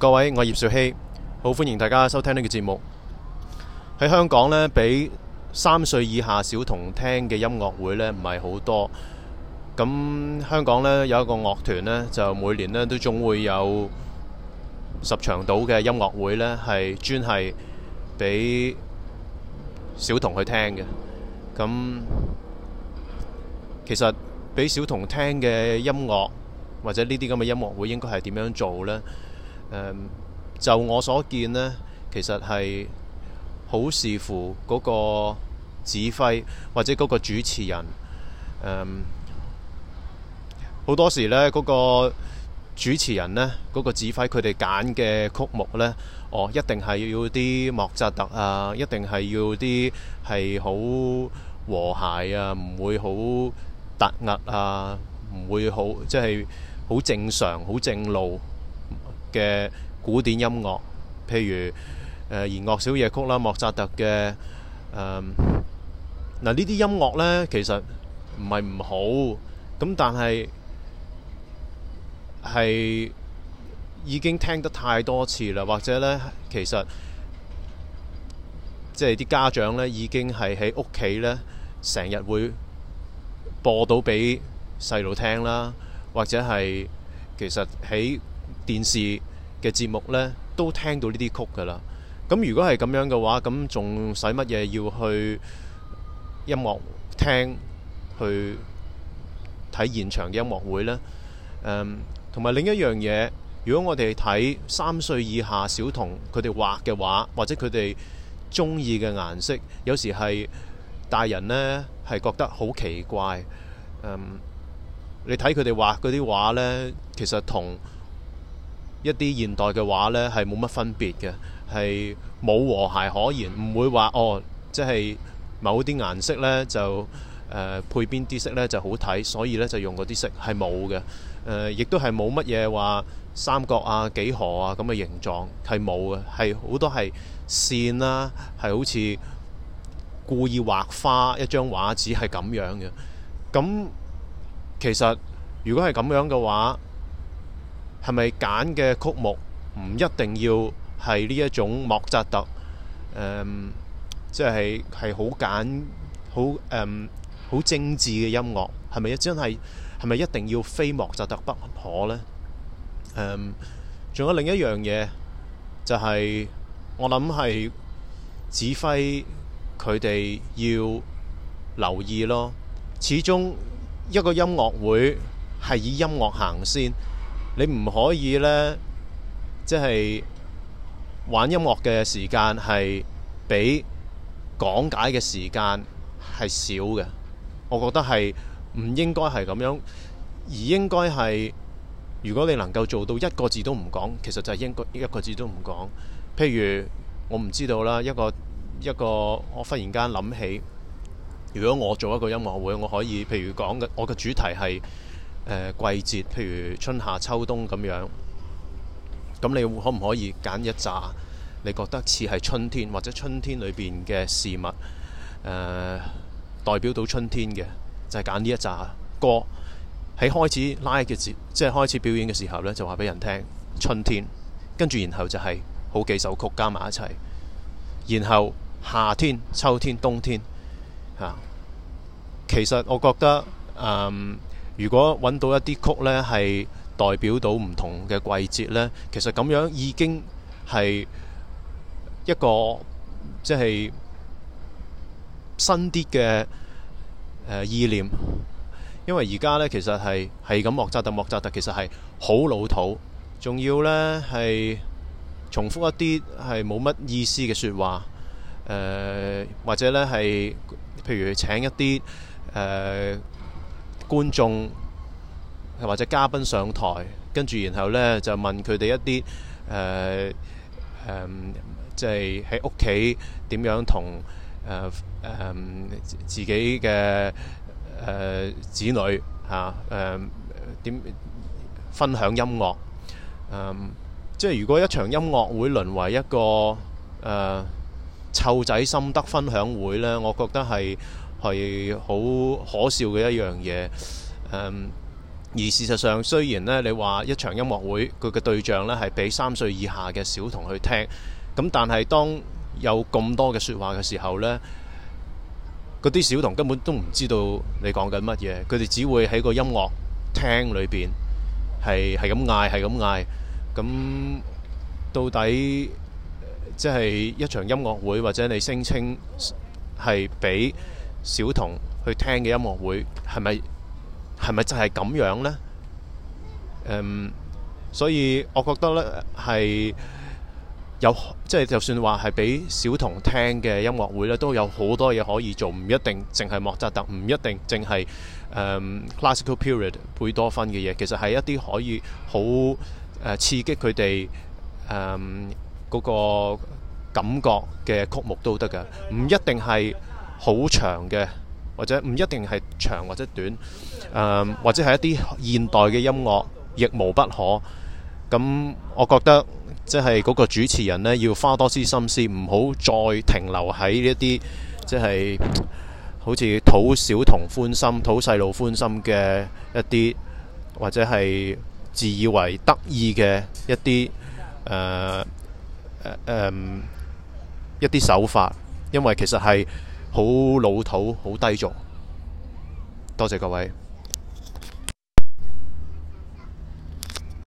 各位，我係葉少希，好歡迎大家收聽呢個節目。喺香港呢，俾三歲以下小童聽嘅音樂會呢，唔係好多。咁香港呢有一個樂團呢，就每年呢都總會有十場度嘅音樂會呢，係專係俾小童去聽嘅。咁其實俾小童聽嘅音樂或者呢啲咁嘅音樂會，應該係點樣做呢？Um, 就我所見呢，其實係好視乎嗰個指揮或者嗰個主持人。um, 好多時呢，嗰個主持人呢，嗰個指揮佢哋揀嘅曲目呢，哦，一定係要啲莫扎特啊，一定係要啲係好和諧啊，唔會好突兀啊，唔會好即係好正常、好正路嘅古典音樂，譬如誒《弦樂小夜曲》啦、莫扎特嘅誒，嗱呢啲音樂呢，其實唔係唔好，咁但係係已經聽得太多次啦，或者呢，其實即係啲家長呢，已經係喺屋企呢，成日會播到俾細路聽啦，或者係其實喺電視。嘅節目呢都聽到呢啲曲噶啦。咁如果係咁樣嘅話，咁仲使乜嘢要去音樂廳去睇現場嘅音樂會呢？嗯、同埋另一樣嘢，如果我哋睇三歲以下小童佢哋畫嘅畫，或者佢哋中意嘅顏色，有時係大人呢係覺得好奇怪。嗯、你睇佢哋畫嗰啲畫呢，其實同一啲現代嘅畫呢，係冇乜分別嘅，係冇和諧可言，唔會話哦，即係某啲顏色呢，就、呃、配邊啲色呢就好睇，所以呢，就用嗰啲色係冇嘅，亦都係冇乜嘢話三角啊幾何啊咁嘅形狀係冇嘅，係好多係線啦，係好似故意畫花一張畫紙係咁樣嘅，咁其實如果係咁樣嘅話，係咪揀嘅曲目唔一定要係呢一種莫扎特？即係係好揀好誒好精緻嘅音樂係咪？一真係係咪一定要非莫扎特不可呢？仲、嗯、有另一樣嘢就係、係、我諗係指揮佢哋要留意咯。始終一個音樂會係以音樂行先。你唔可以呢，即係玩音樂嘅時間係比講解嘅時間係少嘅。我覺得係唔應該係咁樣，而應該係如果你能夠做到一個字都唔講，其實就係應該一個字都唔講。譬如我唔知道啦，一個一個我忽然間諗起，如果我做一個音樂會，我可以譬如講嘅，我嘅主題係。呃、季節，譬如春夏秋冬咁樣，咁你可唔可以揀一扎你覺得似係春天或者春天裏邊嘅事物、呃、代表到春天嘅就係揀呢一扎歌，喺開始拉嘅時，即係開始表演嘅時候呢，就話俾人聽春天。跟住然後就係好幾首曲加埋一齊，然後夏天、秋天、冬天嚇、啊。其實我覺得、嗯如果揾到一啲曲呢，係代表到唔同嘅季節呢。其實，咁樣已經係一個即係新啲嘅、呃、意念，因為而家呢，其實係，係咁莫扎特莫扎特，其實係好老土，仲要呢，係重複一啲係冇乜意思嘅說話、呃，或者呢，係譬如請一啲、呃、觀眾。或者嘉賓上台，跟住然後呢，就問佢哋一啲誒即係喺屋企點樣同誒誒自己嘅、呃、子女嚇誒、啊呃、點分享音樂、呃？即係如果一場音樂會淪為一個誒、呃、湊仔心得分享會呢，我覺得係係好可笑嘅一樣嘢，呃而事實上，雖然呢，你話一場音樂會，佢嘅對象呢係俾三歲以下嘅小童去聽，咁但係當有咁多嘅説話嘅時候呢，嗰啲小童根本都唔知道你講緊乜嘢，佢哋只會喺個音樂廳裏邊係係咁嗌，係咁嗌，咁到底即係一場音樂會，或者你聲稱係俾小童去聽嘅音樂會，係咪？係咪就係咁樣呢？Um, 所以我覺得呢，係有即係，就係、就算話係俾小童聽嘅音樂會呢，都有好多嘢可以做，唔一定淨係莫札特，唔一定淨係、um, Classical period 貝多芬嘅嘢，其實係一啲可以好刺激佢哋誒嗰個感覺嘅曲目都得㗎，唔一定係好長嘅。或者唔一定係長或者短，誒、呃、或者係一啲現代嘅音樂亦無不可。咁、嗯、我覺得即係嗰個主持人呢，要花多啲心思，唔好再停留喺呢一啲即係好似討小童歡心、討細路歡心嘅一啲，或者係自以為得意嘅一啲誒誒一啲手法，因為其實係。好老土，好低俗。多謝各位。